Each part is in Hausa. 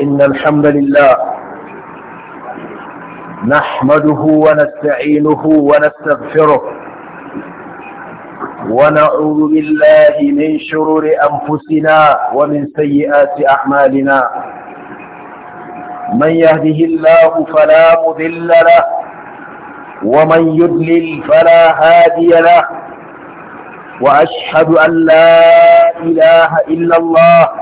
إن الحمد لله نحمده ونستعينه ونستغفره ونعوذ بالله من شرور أنفسنا ومن سيئات أعمالنا من يهده الله فلا مذل له ومن يدلل فلا هادي له وأشهد أن لا إله إلا الله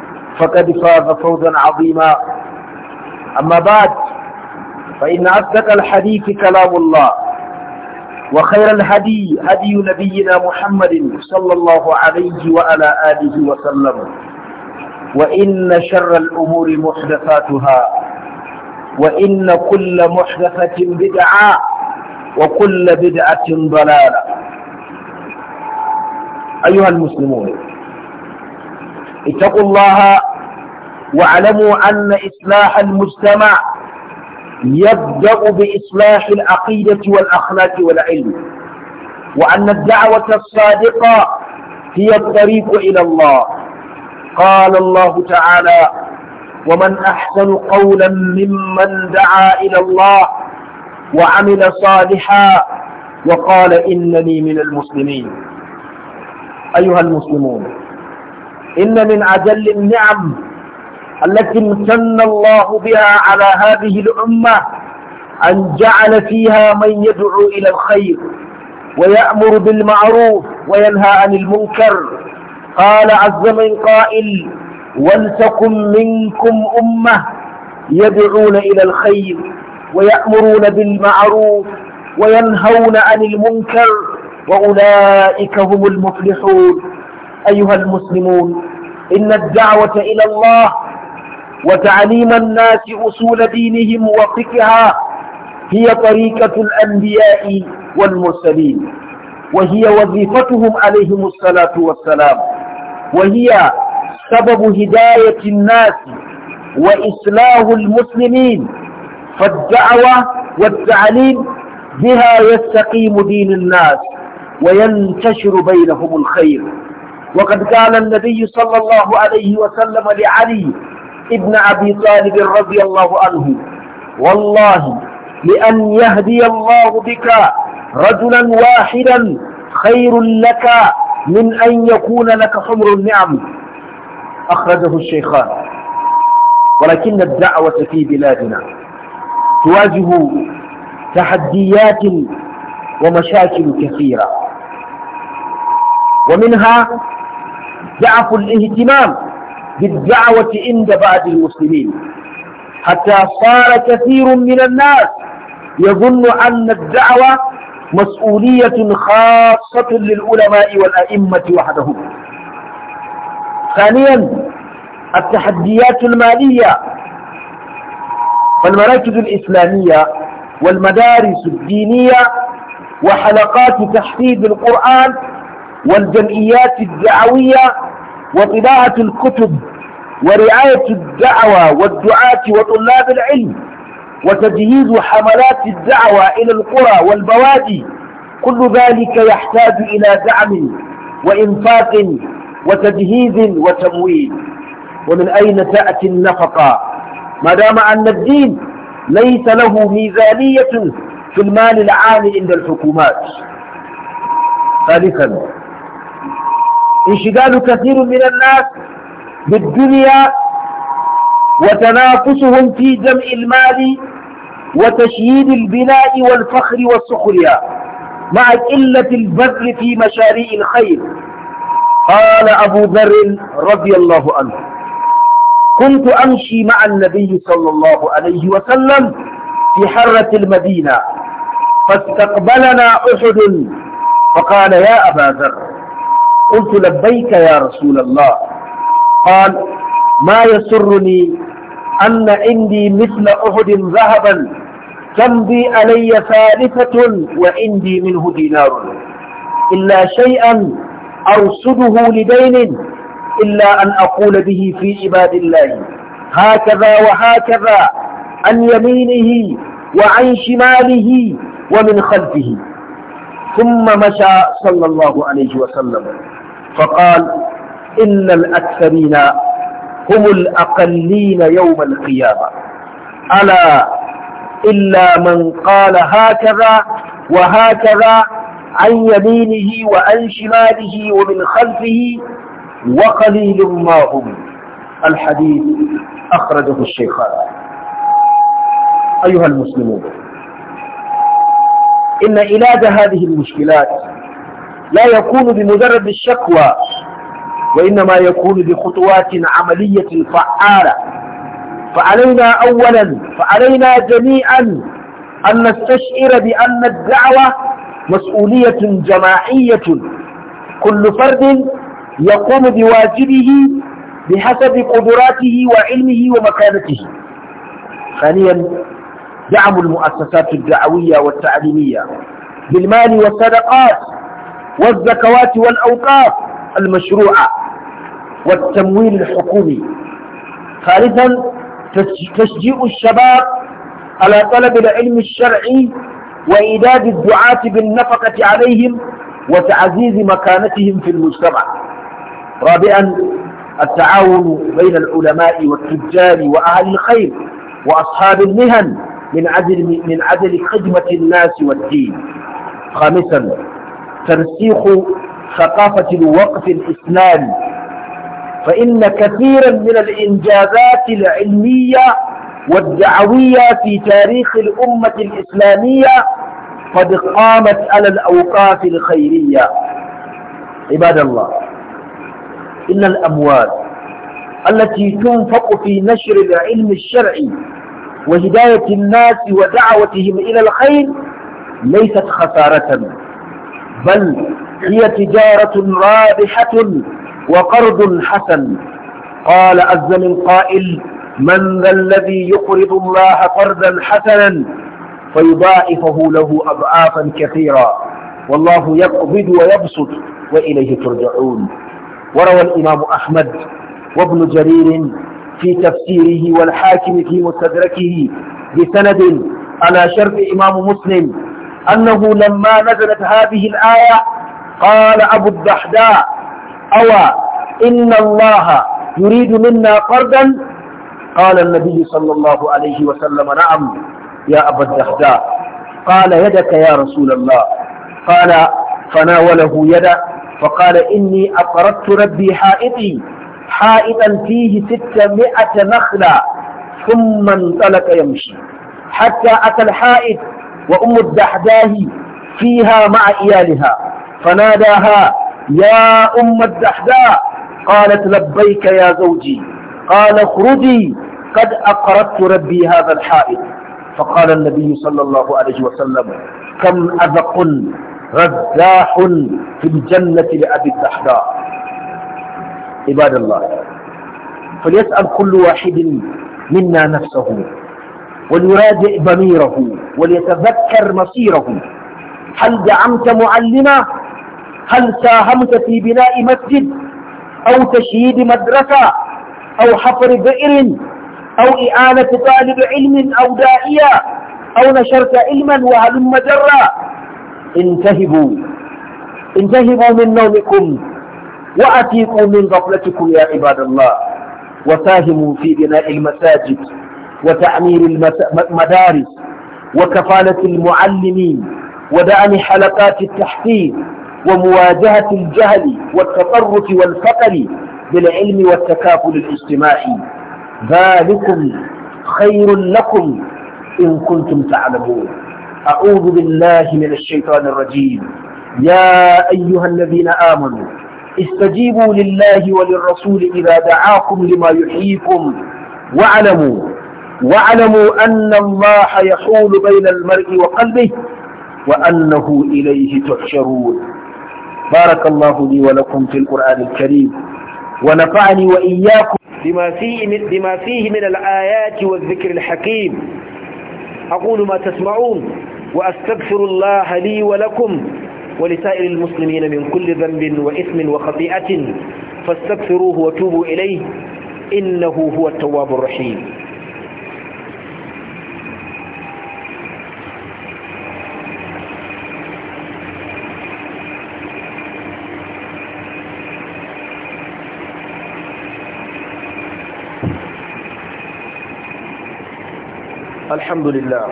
فقد فاز فوزا عظيما أما بعد فإن أصدق الحديث كلام الله وخير الهدي هدي نبينا محمد صلى الله عليه وعلى آله وسلم وإن شر الأمور محدثاتها وإن كل محدثة بدعة وكل بدعة ضلالة أيها المسلمون اتقوا الله واعلموا أن إصلاح المجتمع يبدأ بإصلاح العقيدة والأخلاق والعلم وأن الدعوة الصادقة هي الطريق إلى الله قال الله تعالى ومن أحسن قولا ممن دعا إلى الله وعمل صالحا وقال إنني من المسلمين أيها المسلمون إن من أجل النعم التي امتن الله بها على هذه الأمة أن جعل فيها من يدعو إلى الخير ويأمر بالمعروف وينهى عن المنكر قال عز من قائل ولتكن منكم أمة يدعون إلى الخير ويأمرون بالمعروف وينهون عن المنكر وأولئك هم المفلحون أيها المسلمون إن الدعوة إلى الله وتعليم الناس أصول دينهم وفقها هي طريقة الأنبياء والمرسلين وهي وظيفتهم عليهم الصلاة والسلام وهي سبب هداية الناس وإصلاح المسلمين فالدعوة والتعليم بها يستقيم دين الناس وينتشر بينهم الخير وقد قال النبي صلى الله عليه وسلم لعلي ابن أبي طالب رضي الله عنه والله لأن يهدي الله بك رجلا واحدا خير لك من أن يكون لك حمر النعم أخرجه الشيخان ولكن الدعوة في بلادنا تواجه تحديات ومشاكل كثيرة ومنها ضعف الاهتمام بالدعوة عند بعض المسلمين حتى صار كثير من الناس يظن أن الدعوة مسؤولية خاصة للعلماء والأئمة وحدهم ثانيا التحديات المالية فالمراكز الإسلامية والمدارس الدينية وحلقات تحفيظ القرآن والجمعيات الدعوية وطباعة الكتب ورعاية الدعوة والدعاة وطلاب العلم وتجهيز حملات الدعوة إلى القرى والبوادي كل ذلك يحتاج إلى دعم وإنفاق وتجهيز وتمويل ومن أين تأتي النفقة ما دام أن الدين ليس له ميزانية في المال العام عند الحكومات ثالثا انشغال كثير من الناس بالدنيا وتنافسهم في جمع المال وتشييد البناء والفخر والسخرية مع قلة البذل في مشاريع الخير قال أبو ذر رضي الله عنه كنت أمشي مع النبي صلى الله عليه وسلم في حرة المدينة فاستقبلنا أحد فقال يا أبا ذر قلت لبيك يا رسول الله قال ما يسرني أن عندي مثل أحد ذهبا تمضي علي ثالثة وعندي منه دينار إلا شيئا أرصده لدين إلا أن أقول به في عباد الله هكذا وهكذا عن يمينه وعن شماله ومن خلفه ثم مشى صلى الله عليه وسلم فقال إن الأكثرين هم الأقلين يوم القيامة ألا إلا من قال هكذا وهكذا عن يمينه وعن شماله ومن خلفه وقليل ما هم الحديث أخرجه الشيخان أيها المسلمون إن علاج هذه المشكلات لا يكون بمجرد الشكوى وإنما يكون بخطوات عملية فعالة فعلينا أولا فعلينا جميعا أن نستشعر بأن الدعوة مسؤولية جماعية كل فرد يقوم بواجبه بحسب قدراته وعلمه ومكانته ثانيا دعم المؤسسات الدعوية والتعليمية بالمال والصدقات والزكوات والأوقاف المشروعة والتمويل الحكومي ثالثا تشجيع الشباب على طلب العلم الشرعي وإيداد الدعاة بالنفقة عليهم وتعزيز مكانتهم في المجتمع رابعا التعاون بين العلماء والتجار وأهل الخير وأصحاب المهن من عدل, من عدل خدمة الناس والدين خامسا ترسيخ ثقافة الوقف الإسلامي فإن كثيرا من الإنجازات العلمية والدعوية في تاريخ الأمة الإسلامية قد قامت على الأوقاف الخيرية عباد الله إن الأموال التي تنفق في نشر العلم الشرعي وهداية الناس ودعوتهم إلى الخير ليست خسارة بل هي تجارة رابحة وقرض حسن قال عز من قائل من ذا الذي يقرض الله قرضا حسنا فيضاعفه له أضعافا كثيرا والله يقبض ويبسط وإليه ترجعون وروى الإمام أحمد وابن جرير في تفسيره والحاكم في مستدركه بسند على شرط إمام مسلم أنه لما نزلت هذه الآية قال أبو الدحداء أوى إن الله يريد منا قردا قال النبي صلى الله عليه وسلم نعم يا أبا الدحداء قال يدك يا رسول الله قال فناوله يدا فقال إني أقرضت ربي حائطي حائطا فيه ستمائة نخلة ثم انطلق يمشي حتى أتى الحائط وأم الدحداه فيها مع إيالها فناداها يا أم الدحداء قالت لبيك يا زوجي قال اخرجي قد أقرضت ربي هذا الحائط فقال النبي صلى الله عليه وسلم كم أذق رزاح في الجنة لأبي الدحداء عباد الله فليسأل كل واحد منا نفسه وليراجع ضميره وليتذكر مصيره هل دعمت معلما هل ساهمت في بناء مسجد أو تشييد مدرسة أو حفر بئر أو إعانة طالب علم أو داعية أو نشرت علما وهلم جرا انتهبوا انتهبوا من نومكم واتيكم من غفلتكم يا عباد الله وساهموا في بناء المساجد وتعمير المدارس وكفالة المعلمين ودعم حلقات التحقيق ومواجهة الجهل والتطرف والفقر بالعلم والتكافل الاجتماعي ذلكم خير لكم إن كنتم تعلمون أعوذ بالله من الشيطان الرجيم يا أيها الذين آمنوا استجيبوا لله وللرسول إذا دعاكم لما يحييكم واعلموا واعلموا أن الله يحول بين المرء وقلبه وأنه إليه تحشرون بارك الله لي ولكم في القرآن الكريم ونفعني وإياكم بما فيه, بما فيه من الآيات والذكر الحكيم أقول ما تسمعون وأستغفر الله لي ولكم ولسائر المسلمين من كل ذنب وإثم وخطيئة فاستغفروه وتوبوا إليه إنه هو التواب الرحيم الحمد لله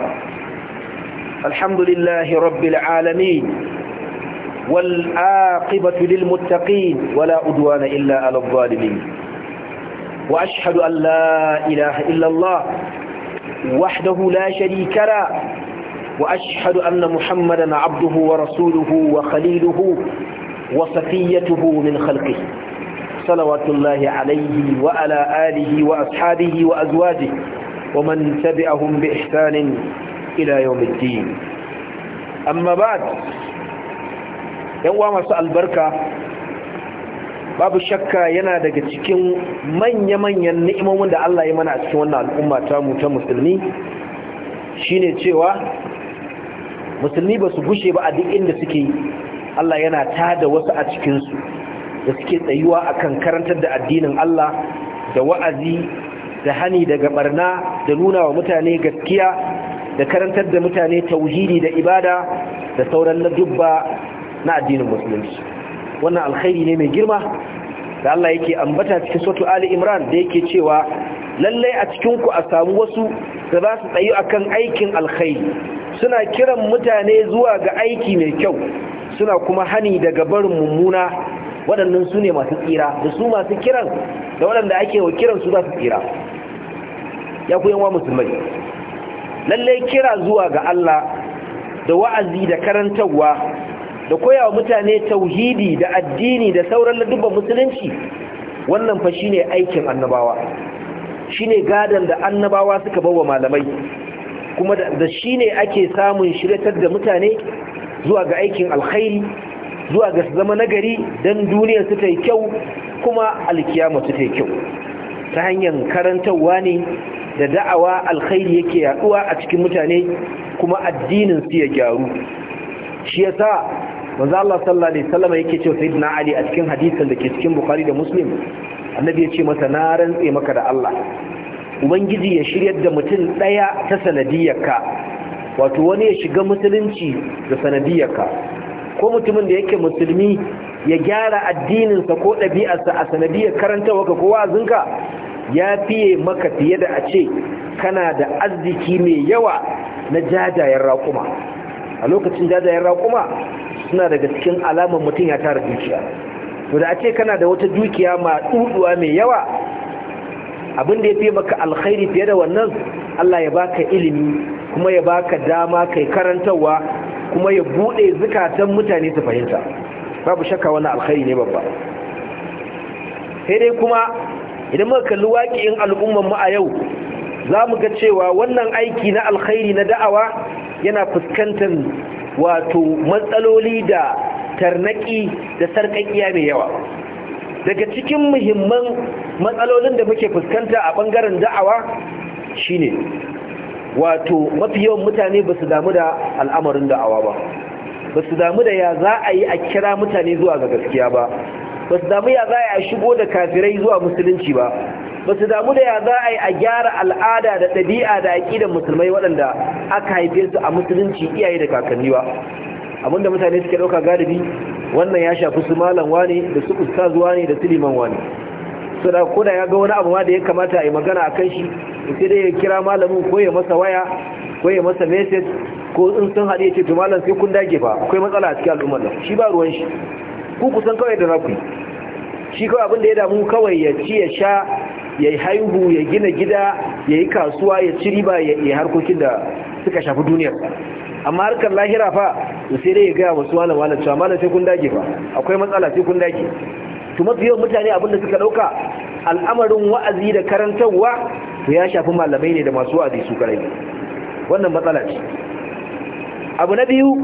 الحمد لله رب العالمين والآقبة للمتقين ولا أدوان إلا على الظالمين وأشهد أن لا إله إلا الله وحده لا شريك له وأشهد أن محمدا عبده ورسوله وخليله وصفيته من خلقه صلوات الله عليه وعلى آله وأصحابه وأزواجه ومن تبعهم بإحسان إلى يوم الدين أما بعد يوم مساء البركة babu shakka yana daga cikin manya-manyan ni'imomin da Allah ya mana a cikin wannan al'umma ta mu ta musulmi shine cewa musulmi ba su gushe ba a duk inda suke Allah yana tada wasu a cikinsu da suke tsayuwa akan karantar da addinin Allah da wa'azi da hani daga barna da nuna wa mutane gaskiya da karantar da mutane tauhidi da ibada da sauran na dubba na addinin musulunci wannan alkhairi ne mai girma da Allah yake ambata cikin sautu Ali Imran da yake cewa lallai a cikin ku a samu wasu da za su tsayi akan aikin alkhairi suna kiran mutane zuwa ga aiki mai kyau suna kuma hani daga barin mummuna waɗannan su ne masu tsira da su masu kiran da waɗanda ake wa kiran su za su tsira ya ku yanwa musulmai lallai kira zuwa ga Allah da wa'azi da karantarwa da koya wa mutane tauhidi da addini da sauran ladubban musulunci wannan fa shi ne aikin annabawa shi ne gadon da annabawa suka bawa malamai kuma da shi ne ake samun shiryatar da mutane zuwa ga aikin alkhairi zuwa ga su zama nagari don duniya su yi kyau kuma alkiyama su ta yi kyau ta hanyar karantarwa ne da da'awa alkhairi yake yaduwa a cikin mutane kuma addinin su ya gyaru shi ya sa manzo Allah sallallahu alaihi wasallam yake cewa sayyidina Ali a cikin hadisin da ke cikin Bukhari da Muslim annabi ya ce masa na rantse maka da Allah ubangiji ya shiryar da mutum ɗaya ta sanadiyarka wato wani ya shiga musulunci da sanadiyyarka. ko mutumin da yake musulmi ya gyara addininsa ko ɗabi'arsa a sanadiyar karanta waka ko wa'azinka ya fiye maka fiye da a ce kana da arziki mai yawa na jajayen raƙuma a lokacin jajayen raƙuma suna daga cikin alamar mutum ya tara dukiya to da a ce kana da wata dukiya ma mai yawa abin da ya fiye maka alkhairi fiye da wannan Allah ya baka ilimi kuma ya baka dama kai karantarwa kuma ya bude zukatan mutane su fahimta babu shakka wani alkhairi ne babba sai dai kuma idan muka kalli waƙiyin al'umman mu a yau za mu ga cewa wannan aiki na alkhairi na da'awa yana fuskantar wato matsaloli da tarnaki da sarƙaƙiya mai yawa daga cikin muhimman matsalolin da muke fuskanta a ɓangaren da'awa shine wato mafi yawan mutane ba su damu da al'amarin da'awa ba ba su damu da ya za a yi a kira mutane zuwa ga gaskiya ba ba su damu ya za a yi a shigo da kafirai zuwa musulunci ba ba su damu da ya za a yi a gyara al'ada da ɗabi'a da aƙidan musulmai waɗanda aka haife su a musulunci iyaye da kakanni ba da mutane suke ɗauka galibi wannan ya shafi su malam wane da su ustaz wane da su liman wane su da ya ga wani abu ma da ya kamata a yi magana a kan shi sai dai ya kira malamin ko ya masa waya ko ya masa message ko in sun haɗe ce to malam sai kun dage fa akwai matsala a cikin al'ummar nan shi ba ruwan shi ku kusan kawai da naku shi kawai abin da ya damu kawai ya ci ya sha ya yi haihu ya gina gida ya yi kasuwa ya ci riba ya yi harkokin da suka shafi duniyar amma harkar lahira fa sai dai ya gaya wasu malam malam cewa malam sai kun dage fa akwai matsala sai kun dage to mafi yawan mutane abinda suka dauka al'amarin wa'azi da karantarwa to ya shafi malamai ne da masu wa'azi su karai wannan matsala ce abu na biyu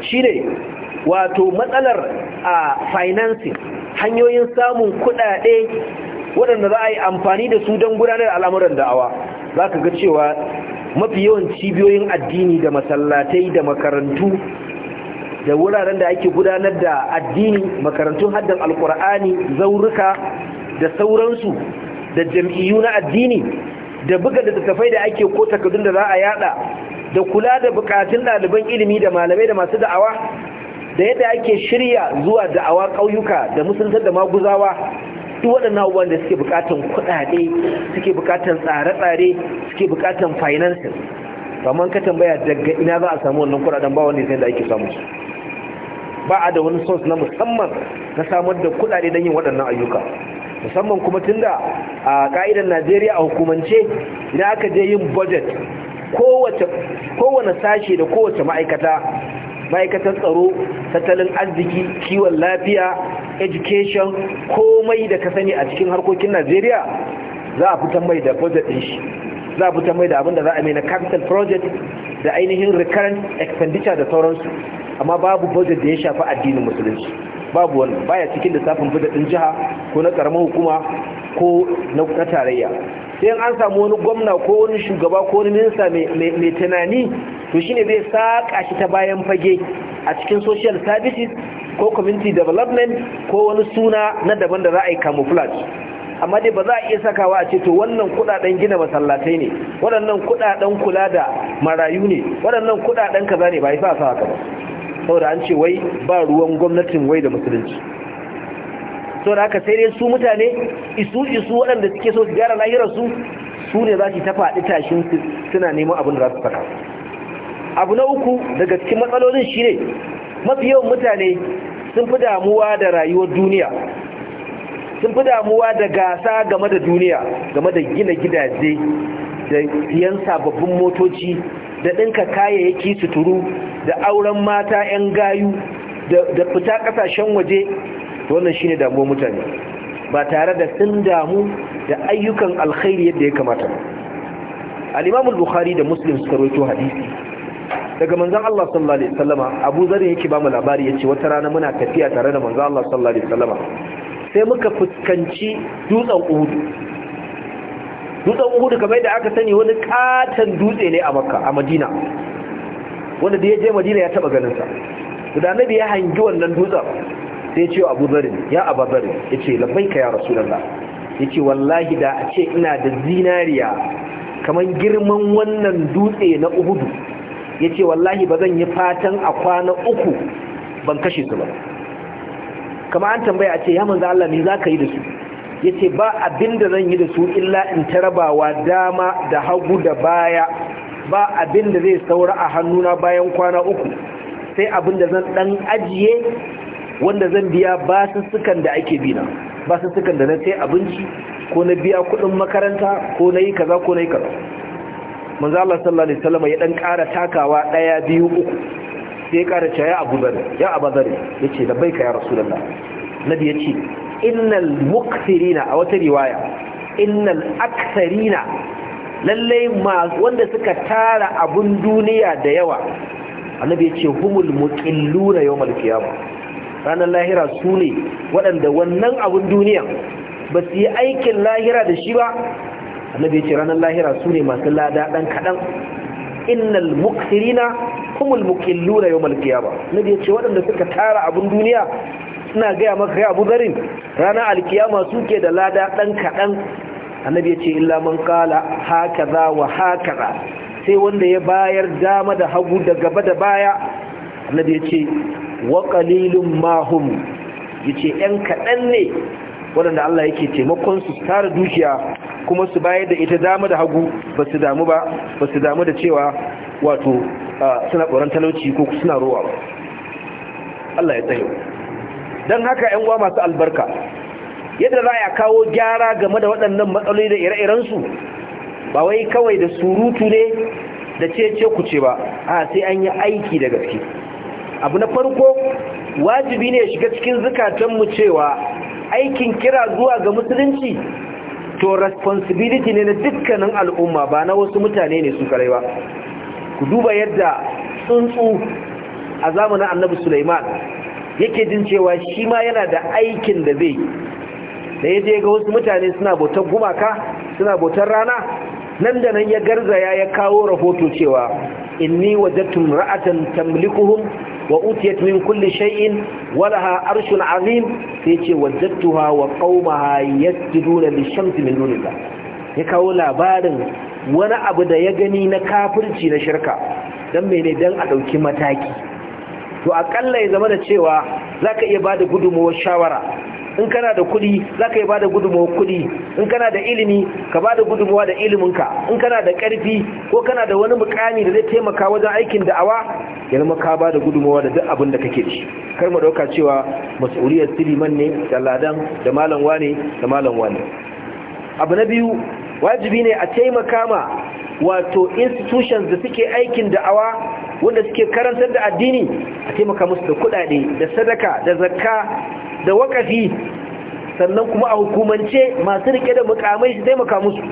shine wato matsalar a financing hanyoyin samun kuɗaɗe waɗanda za a yi amfani da su don gudanar al'amuran da'awa za ka ga cewa mafi yawan cibiyoyin addini da masallatai da makarantu da wuraren da ake gudanar da addini makarantun haddan alkur'ani zaurika da sauransu da jam'iyyu na addini da buga da tafai da ake ko takardun da za a yada da kula da bukatun ɗaliban ilimi da malamai da masu da'awa da yadda ake shirya zuwa da'awa ƙauyuka da musuluntar da maguzawa duk waɗannan abubuwan da suke bukatan kuɗaɗe suke bukatan tsare-tsare suke bukatan finansin kamar ka tambaya daga ina za a samu wannan kuɗaɗen ba wanda sai da ake samu su ba a da wani sos na musamman na samar da kudade don yin waɗannan ayyuka musamman kuma tun da a ka'idar najeriya a hukumance idan aka je yin budget kowane sashe da kowace ma'aikata ma'aikatar tsaro tattalin arziki kiwon lafiya education komai da ka sani a cikin harkokin najeriya za a fitan mai da budget ɗin shi za a fitan mai da abin da za a mai na capital project da ainihin recurrent expenditure da sauransu amma babu budget da ya shafi addinin musulunci babu wannan baya cikin lissafin bada ɗin jiha ko na karamar hukuma ko na tarayya sai an samu wani gwamna ko wani shugaba ko wani minista mai tunani to shine zai saka shi ta bayan fage a cikin social services ko community development ko wani suna na daban da za a yi camouflage amma dai ba za a iya sakawa a ce to wannan kudaden gina masallatai ne waɗannan kudaden kula da marayu ne waɗannan kudaden kaza ne ba yi sa haka ba saboda an ce wai ba ruwan gwamnatin wai da musulunci saboda haka sai dai su mutane isu isu waɗanda suke so su gyara lahirarsu su ne za su ta faɗi tashin suna neman abin da za su faɗa abu na uku daga cikin matsalolin shi ne mafi yawan mutane sun fi damuwa da rayuwar duniya sun fi damuwa da gasa game da duniya game da gina gidaje da siyan sababbin motoci da ɗinka kayayyaki suturu da auren mata 'yan gayu da fita ƙasashen waje wannan shi ne damuwa mutane ba tare da sun damu da ayyukan alkhairi yadda ya kamata ba al bukhari da muslim suka roto hadisi daga manzan Allah sallallahu alaihi wasallama Abu zarin yake ba mu labari ya ce, wata rana muna tafiya tare da manzan Allah sallallahu sai muka fuskanci dutsen udu. dutsen uhudu kamar da aka sani wani katon dutse ne a makka a madina wanda da ya je madina ya taba ganin sa da annabi ya hangi wannan dutsen sai ce abu zarin ya abu zarin ya ce labbaika ya lalla. ya ce wallahi da a ce ina da zinariya kamar girman wannan dutse na uhudu ya ce wallahi ba zan yi fatan a kwana uku ban kashe su ba kama an tambaya a ce ya manza Allah ne za yi da su yace ba abinda zan yi da su illa in tarabawa dama da hagu da baya ba abinda zai saura a hannuna bayan kwana uku sai abinda zan dan ajiye wanda zan biya basussukan da ake bina basussukan da na sai abinci ko na biya kudin makaranta ko na yi kaza ko na yi kaza manzo Allah sallallahu alaihi wasallam ya dan ƙara takawa daya biyu uku sai ya ƙara cewa ya Abu Dharr ya Abu Dharr yace labbaika ya Rasulullah nabi yace innal muktirina a wata riwaya innal aksarina lallai wanda suka tara abun duniya da yawa annabi ya ce humul muqilluna yawmal qiyamah ranar lahira su ne waɗanda wannan abun duniya ba su yi aikin lahira da shi ba annabi ya ce ranar lahira su ne masu lada ɗan kaɗan innal muqsirina humul muqilluna yawmal qiyamah annabi ya ce waɗanda suka tara abun duniya suna gaya maka ya abu garin? ranar alkiyama suke da lada ɗan kaɗan annabi ya ce illa man kala hakaza wa hakaza sai wanda ya bayar dama da hagu da gaba da baya annabi ya ce wa qalilum ma hum yace ɗan kaɗan ne waɗanda Allah yake taimakon su tara dukiya kuma su bayar da ita dama da hagu ba su damu ba ba su damu da cewa wato suna tsoron talauci ko suna rowa Allah ya tsaye don haka yan uwa masu albarka yadda za a kawo gyara game da waɗannan matsaloli da ire-irensu ba wai kawai da surutu ne da ce-ce ku ce ba a sai an yi aiki da gaske abu na farko wajibi ne shiga cikin zukatanmu cewa aikin kira zuwa ga musulunci to responsibility ne na dukkanin al'umma ba na wasu mutane ne su karai ba ku duba yadda tsuntsu a zamanin annabi Suleiman. yake jin cewa shi ma yana da aikin da zai da ya je ga wasu mutane suna botar gumaka suna botar rana nan da nan ya garzaya ya kawo rahoto cewa inni wajadtum ra'atan tamlikuhum wa utiyat min kulli shay'in wa laha arshun azim sai ce wajadtuha wa qaumaha yasjuduna lishamsi min dunillah ya kawo labarin wani abu da ya gani na kafirci na shirka dan mene dan a dauki mataki to akalla ya zama da cewa za ka iya ba da gudunmawar shawara in kana da kuɗi za ka iya ba da gudunmawar kuɗi in kana da ilimi ka ba da gudunmuwa da iliminka in kana da ƙarfi ko kana da wani mukami da zai taimaka wajen aikin da'awa ya zama ka ba da gudunmuwa da duk abin da kake shi kar mu ɗauka cewa mas'uliyar siliman ne da ladan da malam wane da malam wane abu na biyu wajibi ne a taimaka ma wato institutions da suke aikin da'awa wanda suke karantar da addini a taimaka musu da kudade, da sadaka da zakka da wakafi sannan kuma a hukumance masu rike da mukamai su taimaka musu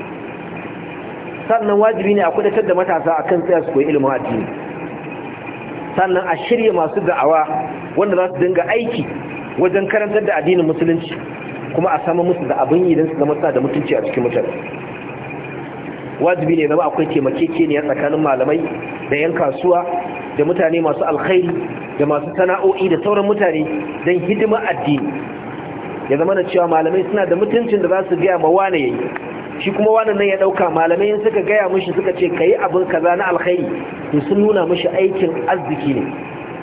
sannan wajibi ne a kudatar da matasa a kan tsaya su koyi ilimin addini sannan a shirya masu da'awa wanda za su dinga aiki wajen karantar da addinin musulunci kuma a samu musu da abin yi don su zama da mutunci a cikin mutane wajibi ne zama akwai taimakekeniya tsakanin malamai da 'yan kasuwa da mutane masu alkhairi da masu sana'o'i da sauran mutane don hidima addini ya zama da cewa malamai suna da mutuncin da za su gaya ma wane yayi shi kuma wane nan ya dauka malamai in suka gaya mushi suka ce ka yi abin kaza na alkhairi to sun nuna mushi aikin arziki ne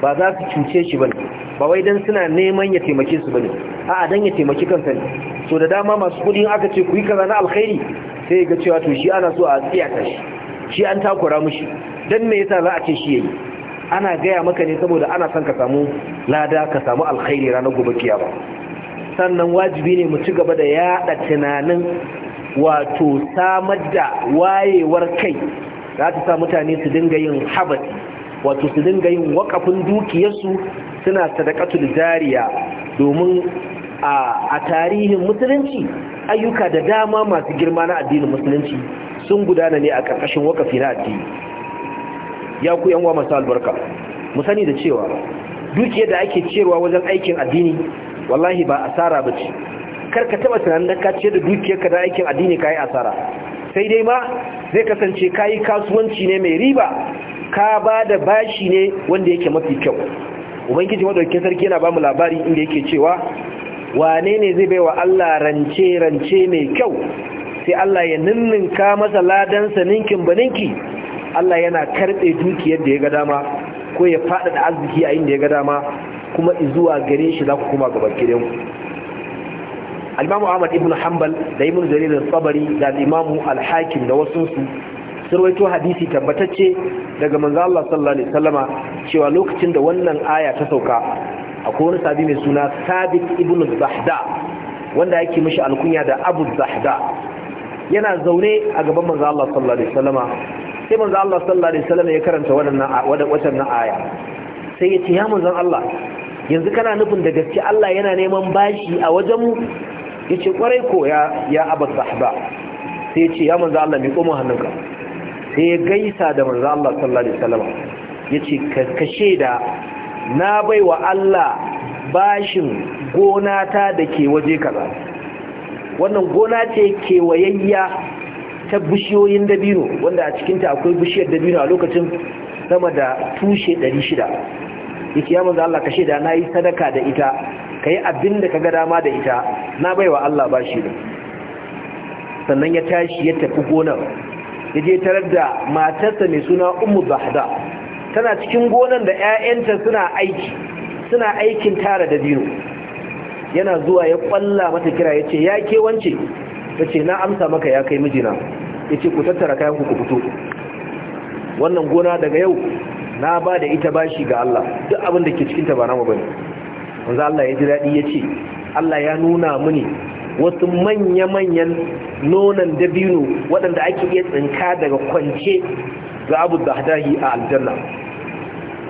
ba za su cuce shi bane ba wai dan suna neman ya taimake su bane a'a dan ya taimaki kansa ne so da dama masu kudi aka ce ku yi kaza na alkhairi sai ga cewa to shi ana so a tsiyata shi shi an takura mushi dan me yasa za a ce shi yayi ana gaya maka ne saboda ana son ka samu lada ka samu alkhairi ranar gobe kiyama sannan wajibi ne mu ci gaba da yada tunanin wato samar da wayewar kai za ta sa mutane su dinga yin habati wato su dinga yin wakafin dukiyarsu suna sadakatul jariya domin a tarihin musulunci ayyuka da dama masu girma na addinin musulunci sun gudana ne a ƙarƙashin wakafi na addini ya ku yanwa masu albarka mu sani da cewa dukiyar da ake cewa wajen aikin addini wallahi ba asara ba ce kar ka taɓa tunanin da ka ciyar da dukiyarka da aikin addini ka asara sai dai ma zai kasance ka yi kasuwanci ne mai riba ka ba da bashi ne wanda yake mafi kyau ubangiji madaukakin sarki yana ba mu labari inda yake cewa wane ne zai wa Allah rance rance mai kyau sai Allah ya ninninka masa ladansa ninkin ba ninki Allah yana karɓe dukiyar da ya ga dama ko ya da arziki a inda ya ga dama kuma zuwa gare shi za ku kuma gabar gidanku al-imamu ahmad ibn hanbal da ibn jarir al-sabari da al-imamu al-hakim da wasu su sarwaito hadisi tabbatacce daga manzo Allah sallallahu alaihi wasallama cewa lokacin da wannan aya ta sauka akwai wani sabi mai suna sabit ibn zahda wanda yake mishi alkunya da abu zahda yana zaune a gaban manzo Allah sallallahu alaihi wasallama sai manzo Allah sallallahu alaihi wasallama ya karanta wannan wannan aya sai ya ce ya Manzan Allah yanzu kana nufin da gaske Allah yana neman bashi a wajen mu yace kwarai ko ya ya abu zahda sai ya ce ya manzo Allah mai komo hannunka sai ya gaisa da manzo Allah sallallahu alaihi wasallama yace ka kashe da na bai wa Allah bashin gona ta da ke waje kaza wannan gona ce kewayayya ta bishiyoyin dabino wanda a cikinta akwai bishiyar dabino a lokacin sama da tushe 600 yake ya manzo Allah kashe da nayi sadaka da ita kai abin da kaga dama da ita na baiwa Allah bashi sannan ya tashi ya tafi gonar ya je tarar da matarsa mai suna Ummu Bahda tana cikin gonan da 'ya'yanta suna aiki suna aikin tara da dino yana zuwa ya kwalla mata kira ya ce ya kewance ta ce na amsa maka ya kai mijina ya ce ku tattara kayan ku fito wannan gona daga yau na ba da ita bashi ga Allah duk abin da ke cikinta ba na bane wanzu Allah ya ji daɗi ya ce Allah ya nuna mini wasu manya-manyan nonon dabino waɗanda ake iya tsinka daga kwance ga abu da hadahi a aljanna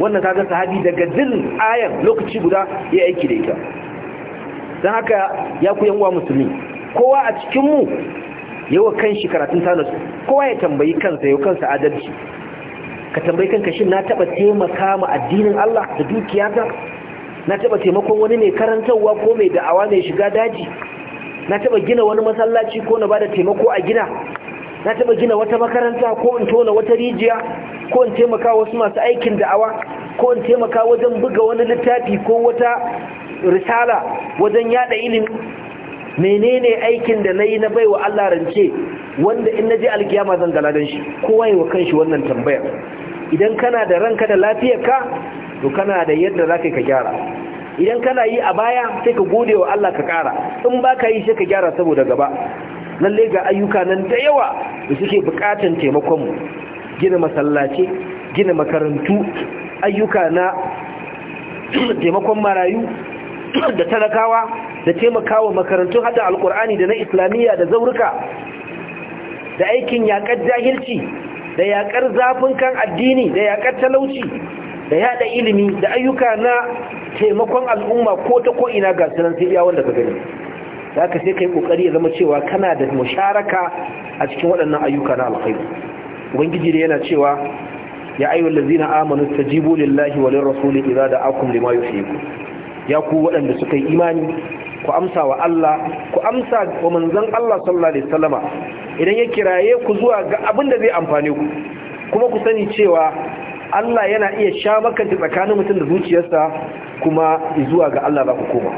wannan kaga sahabi daga jin ayan lokaci guda ya aiki da ita don haka ya ku yanwa musulmi kowa a cikinmu yawa kan shi karatun tanasu kowa ya tambayi kansa yau kansa adalci ka tambayi kanka shin na taba taimaka ma addinin Allah da dukiyata na taba taimakon wani mai karantarwa ko mai da'awa mai shiga daji na taba gina wani masallaci ko na bada taimako a gina na taba gina wata makaranta ko in tona wata rijiya ko in taimaka wasu masu aikin da'awa ko in taimaka wajen buga wani littafi ko wata risala wajen yada ilimi menene aikin da nayi na baiwa Allah rance wanda in naji alkiyama zan galadan shi kowa yi wa kanshi wannan tambayar? idan kana da ranka da lafiyarka to kana da yadda zaka ka gyara idan kana yi a baya sai ka gode wa Allah ka ƙara in ba ka yi sai ka gyara saboda gaba lalle ga ayyuka nan da yawa da suke buƙatar taimakon gina masallaci gina makarantu ayyuka na taimakon marayu da talakawa da taimakawa makarantun hada alkur'ani da na islamiyya da zauruka, da aikin yakar jahilci da yakar zafin kan addini da yakar talauci da yada ilimi da ayyuka na taimakon al'umma ko ta ko'ina ga sunan sai iya wanda ka gani za ka sai ka yi ƙoƙari ya zama cewa kana da musharaka a cikin waɗannan ayyuka na alkhairu ubangiji da yana cewa ya ayyuhal ladzina amanu tajibu lillahi wa lirrasuli idza da'akum lima yuhibbu ya ku waɗanda suka yi imani ku amsa wa Allah ku amsa wa manzon Allah sallallahu alaihi wasallama idan ya kiraye ku zuwa ga abin da zai amfane ku kuma ku sani cewa Allah yana iya sha makanta tsakanin mutum da zuciyarsa kuma zuwa ga Allah ba ku koma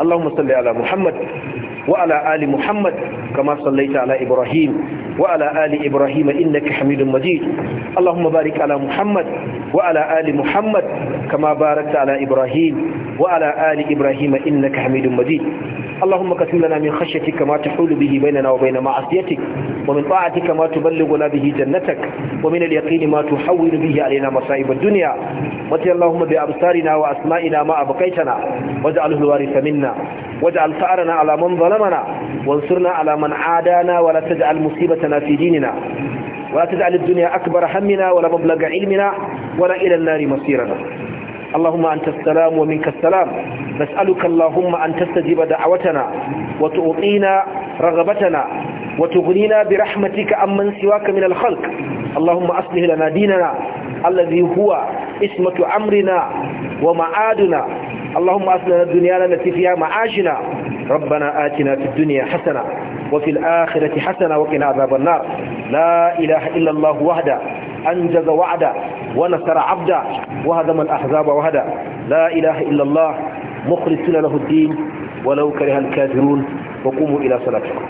Allahumma salli ala Muhammad وعلى آل محمد كما صليت على إبراهيم وعلى آل إبراهيم إنك حميد مجيد اللهم بارك على محمد وعلى آل محمد كما باركت على إبراهيم وعلى آل إبراهيم إنك حميد مجيد اللهم كتب لنا من خشيتك ما تحول به بيننا وبين معصيتك ومن طاعتك ما تبلغنا به جنتك ومن اليقين ما تحول به علينا مصائب الدنيا وتي اللهم بأبصارنا وأسمائنا ما أبقيتنا واجعله الوارث منا waje alfa’ara na alamun zalamana wansur na alamun adana wa lati da almusibata na fidinina wa lati da alidduniya akbar hamina wa labubla ga ilmina wa na ilan lari masirana allahumma an tasalamu wa minka salam nas'aluka allahumma an tastajiba da'awatana wa tu'ina ragabatana wa tughnina bi rahmatika amman siwaka min al Allahuma allahumma aslih lana dinana alladhi huwa ismatu amrina wa ma'aduna اللهم أصلنا الدنيا التي فيها معاشنا ربنا آتنا في الدنيا حسنة وفي الآخرة حسنة وقنا عذاب النار لا إله إلا الله وحده أنجز وعده ونصر عبده وهدم الأحزاب وهدا لا إله إلا الله مخلصين له الدين ولو كره الكافرون وقوموا إلى صلاتكم